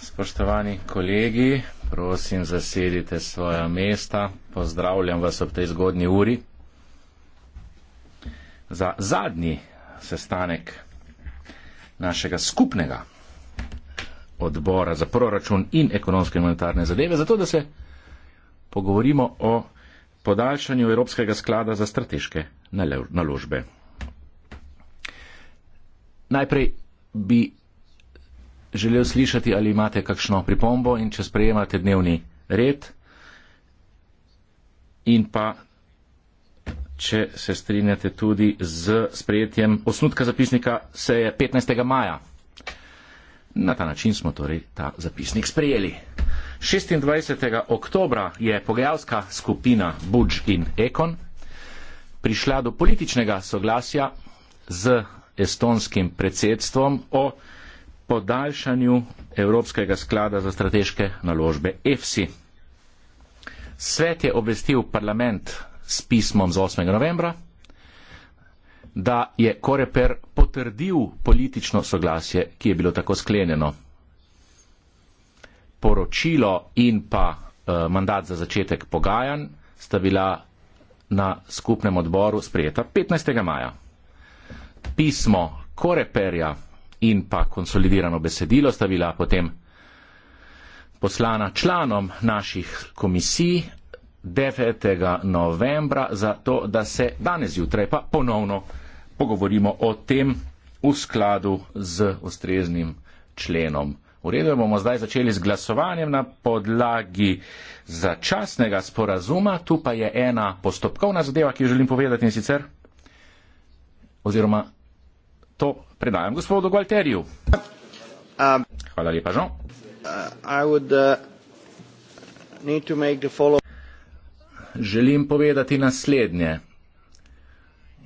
Spoštovani kolegi, prosim, zasedite svoja mesta. Pozdravljam vas ob tej zgodni uri za zadnji sestanek našega skupnega odbora za proračun in ekonomske in monetarne zadeve, zato da se pogovorimo o podaljšanju Evropskega sklada za strateške naložbe. Najprej bi želel slišati, ali imate kakšno pripombo in če sprejemate dnevni red in pa če se strinjate tudi z sprejetjem osnutka zapisnika seje 15. maja. Na ta način smo torej ta zapisnik sprejeli. 26. oktobra je pogajalska skupina Budž in Ekon prišla do političnega soglasja z estonskim predsedstvom o podaljšanju Evropskega sklada za strateške naložbe EFSI. Svet je obvestil parlament s pismom z 8. novembra, da je Koreper potrdil politično soglasje, ki je bilo tako sklenjeno. Poročilo in pa eh, mandat za začetek pogajanj sta bila na skupnem odboru sprejeta 15. maja pismo Koreperja in pa konsolidirano besedilo sta bila potem poslana članom naših komisij 9. novembra za to, da se danes jutraj pa ponovno pogovorimo o tem v skladu z ustreznim členom. V redu bomo zdaj začeli z glasovanjem na podlagi začasnega sporazuma. Tu pa je ena postopkovna zadeva, ki jo želim povedati in sicer oziroma to predajam gospodu Gualteriju. Um, Hvala lepa, Žan. Uh, uh, Želim povedati naslednje.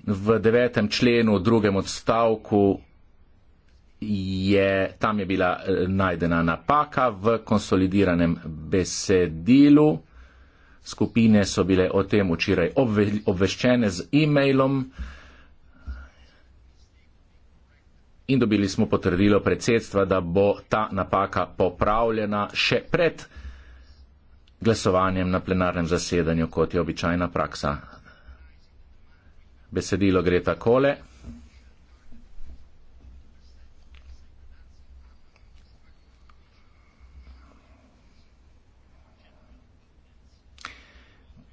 V devetem členu, drugem odstavku, je, tam je bila eh, najdena napaka v konsolidiranem besedilu. Skupine so bile o tem včeraj obveščene z e-mailom in dobili smo potrdilo predsedstva, da bo ta napaka popravljena še pred glasovanjem na plenarnem zasedanju, kot je običajna praksa. Besedilo gre takole.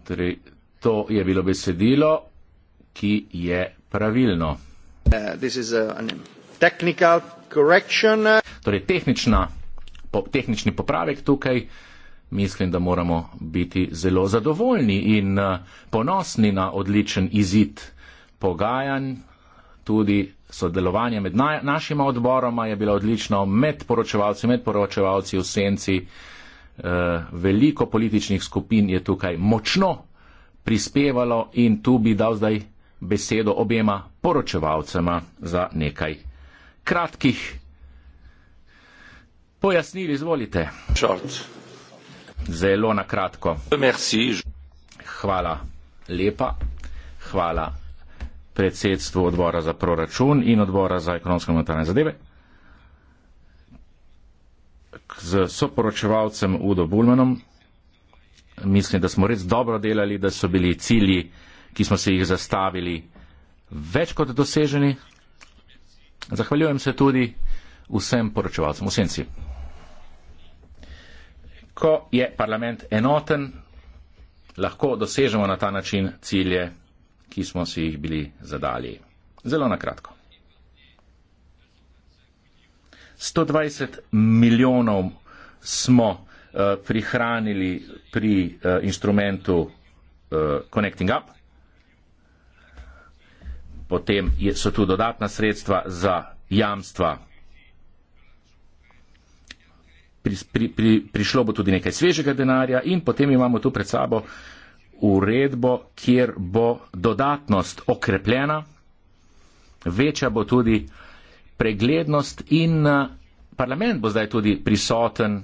Torej, to je bilo besedilo, ki je pravilno. Uh, technical correction. Torej, tehnična, po, tehnični popravek tukaj. Mislim, da moramo biti zelo zadovoljni in eh, ponosni na odličen izid pogajanj. Tudi sodelovanje med na, našima odboroma je bilo odlično, med poročevalci, med poročevalci v senci. E, veliko političnih skupin je tukaj močno prispevalo in tu bi dal zdaj besedo obema poročevalcema za nekaj kratkih pojasnil, izvolite. Short. Zelo na kratko. Merci. Hvala lepa. Hvala predsedstvu odbora za proračun in odbora za ekonomsko monetarne zadeve. Z soporočevalcem Udo Bulmanom mislim, da smo res dobro delali, da so bili cilji, ki smo se jih zastavili, več kot doseženi. Zahvaljujem se tudi vsem poročevalcem v senci. Ko je parlament enoten, lahko dosežemo na ta način cilje, ki smo si jih bili zadali. Zelo na kratko. 120 milijonov smo uh, prihranili pri uh, instrumentu uh, Connecting Up potem so tu dodatna sredstva za jamstva. Pri, pri, pri, prišlo bo tudi nekaj svežega denarja in potem imamo tu pred sabo uredbo, kjer bo dodatnost okrepljena, večja bo tudi preglednost in eh, parlament bo zdaj tudi prisoten.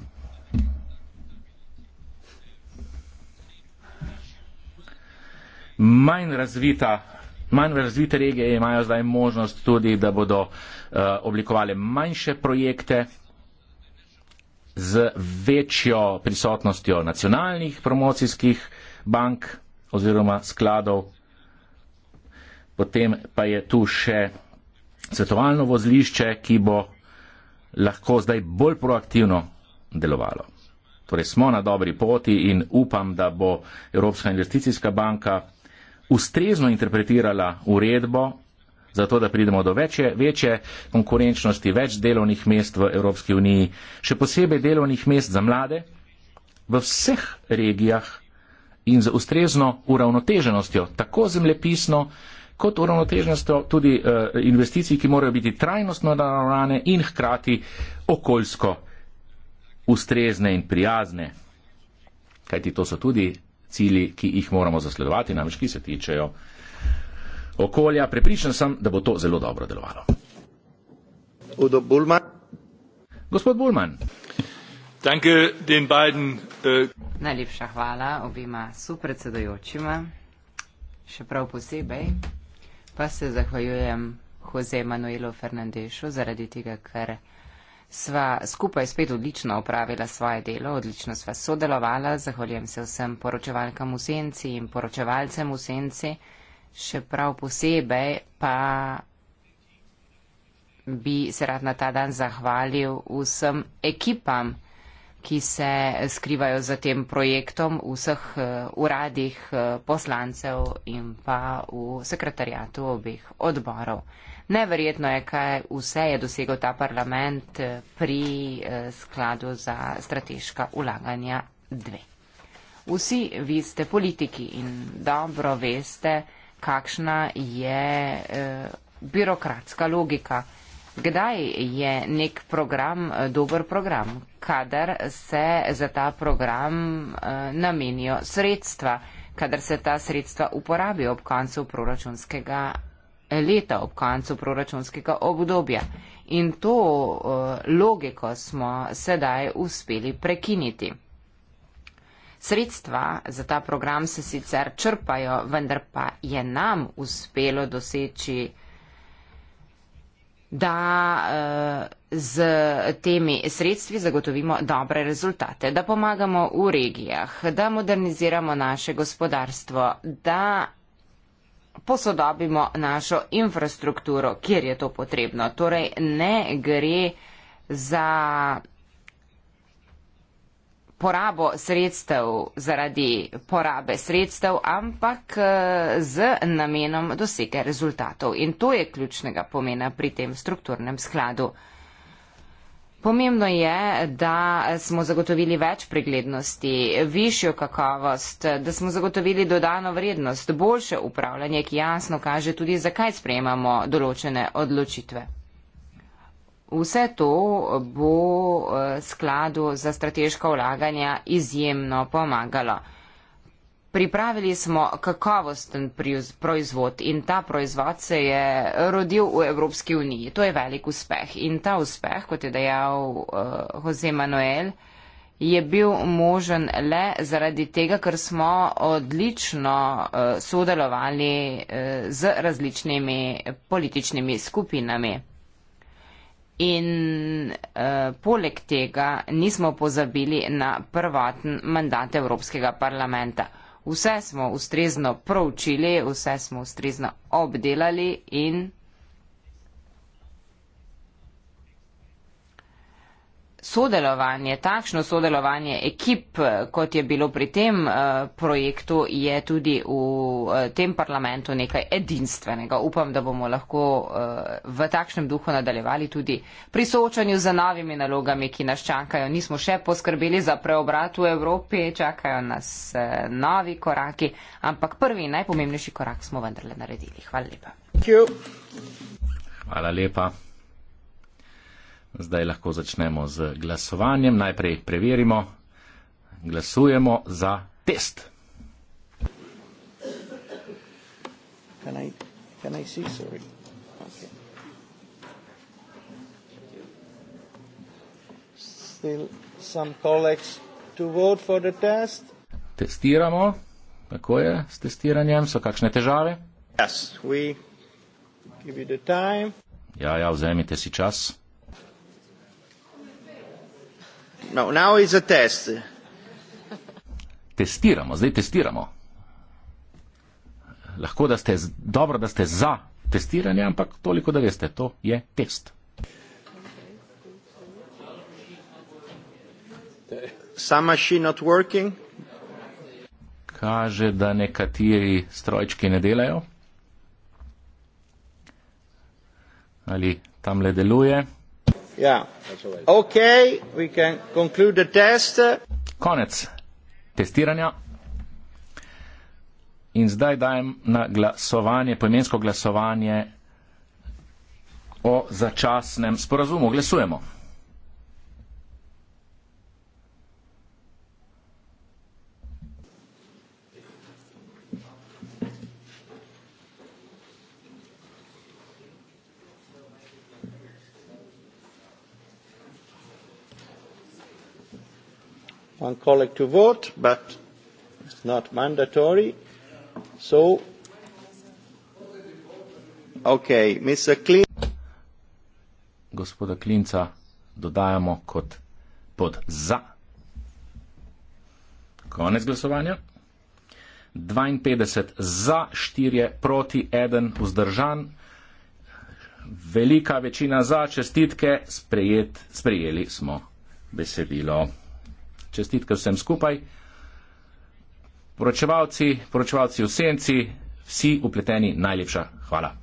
Manj razvita Manj razvite regije imajo zdaj možnost tudi, da bodo eh, oblikovali manjše projekte z večjo prisotnostjo nacionalnih promocijskih bank oziroma skladov. Potem pa je tu še svetovalno vozlišče, ki bo lahko zdaj bolj proaktivno delovalo. Torej smo na dobri poti in upam, da bo Evropska investicijska banka ustrezno interpretirala uredbo, zato da pridemo do večje, večje konkurenčnosti, več delovnih mest v Evropski uniji, še posebej delovnih mest za mlade v vseh regijah in z ustrezno uravnoteženostjo, tako zemljepisno, kot uravnoteženostjo tudi uh, investicij, ki morajo biti trajnostno naravnane in hkrati okoljsko ustrezne in prijazne. Kajti to so tudi cilji, ki jih moramo zasledovati, namreč ki se tičejo okolja. Prepričan sem, da bo to zelo dobro delovalo. Udo Bulman. Gospod Bulman. Danke den beiden, uh... Najlepša hvala obima supredsedojočima, še prav posebej pa se zahvaljujem Jose Manuelu Fernandešu zaradi tega, ker uh, sva skupaj spet odlično opravila svoje delo, odlično sva sodelovala. Zahvaljujem se vsem poročevalkam v senci in poročevalcem v senci. Še prav posebej pa bi se rad na ta dan zahvalil vsem ekipam, ki se skrivajo za tem projektom v vseh eh, uradih eh, poslancev in pa v sekretarijatu obeh odborov. Neverjetno je, kaj vse je dosegel ta parlament eh, pri skladu za strateška ulaganja dve. Vsi vi ste politiki in dobro veste, kakšna je eh, birokratska logika. Kdaj je nek program eh, dober program? Kadar se za ta program eh, namenijo sredstva, kadar se ta sredstva uporabijo ob koncu proračunskega eh, leta, ob koncu proračunskega obdobja. In to logiko smo sedaj uspeli prekiniti. Sredstva za ta program se sicer črpajo, vendar pa je nam uspelo doseči da eh, z temi sredstvi zagotovimo dobre rezultate, da pomagamo v regijah, da moderniziramo naše gospodarstvo, da posodobimo našo infrastrukturo, kjer je to potrebno. Torej, ne gre za porabo sredstev zaradi porabe sredstev, ampak eh, z namenom dosega rezultatov. In to je ključnega pomena pri tem strukturnem skladu. Pomembno je, da smo zagotovili več preglednosti, višjo kakovost, da smo zagotovili dodano vrednost, boljše upravljanje, ki jasno kaže tudi, zakaj sprejemamo določene odločitve. Vse to bo eh, skladu za strateška ulaganja izjemno pomagalo. Pripravili smo kakovosten proizvod in ta proizvod se je rodil v Evropski uniji. To je velik uspeh in ta uspeh, kot je dejal eh, Jose Manuel, je bil možen le zaradi tega, ker smo odlično eh, sodelovali z različnimi političnimi skupinami. In eh, poleg tega nismo pozabili na prvoten mandat Evropskega parlamenta. Vse smo ustrezno proučili, vse smo ustrezno obdelali in sodelovanje, takšno sodelovanje ekip, kot je bilo pri tem eh, projektu, je tudi v eh, tem parlamentu nekaj edinstvenega. Upam, da bomo lahko eh, v takšnem duhu nadaljevali tudi pri soočanju z novimi nalogami, ki nas čakajo. Nismo še poskrbeli za preobrat v Evropi, čakajo nas novi koraki, ampak prvi najpomembnejši korak smo vendarle naredili. Hvala lepa. Hvala lepa. Zdaj lahko začnemo z glasovanjem. Najprej preverimo. Glasujemo za test. Can I, can I see, sorry? Okay. Still some colleagues to vote for the test. Testiramo. Kako je s testiranjem? So kakšne težave? Yes, we give you the time. Ja, ja, vzemite si čas. No, testiramo, zdaj testiramo. Lahko, da ste, dobro, da ste za testiranje, ampak toliko, da veste, to je test. Kaže, da nekateri strojčki ne delajo. Ali tam le deluje. Ja. Konec testiranja. In zdaj dajem na glasovanje, pojmensko glasovanje o začasnem sporazumu. Glasujemo. one colleague to vote but it's not mandatory so okay mr clean gospoda klinca dodajamo kot pod za konec glasovanja 52 za, 4 proti, 1 vzdržan. Velika večina za, čestitke, sprejet, sprejeli smo besedilo čestitke vsem skupaj. Poročevalci, poročevalci v senci, vsi upleteni, najlepša hvala.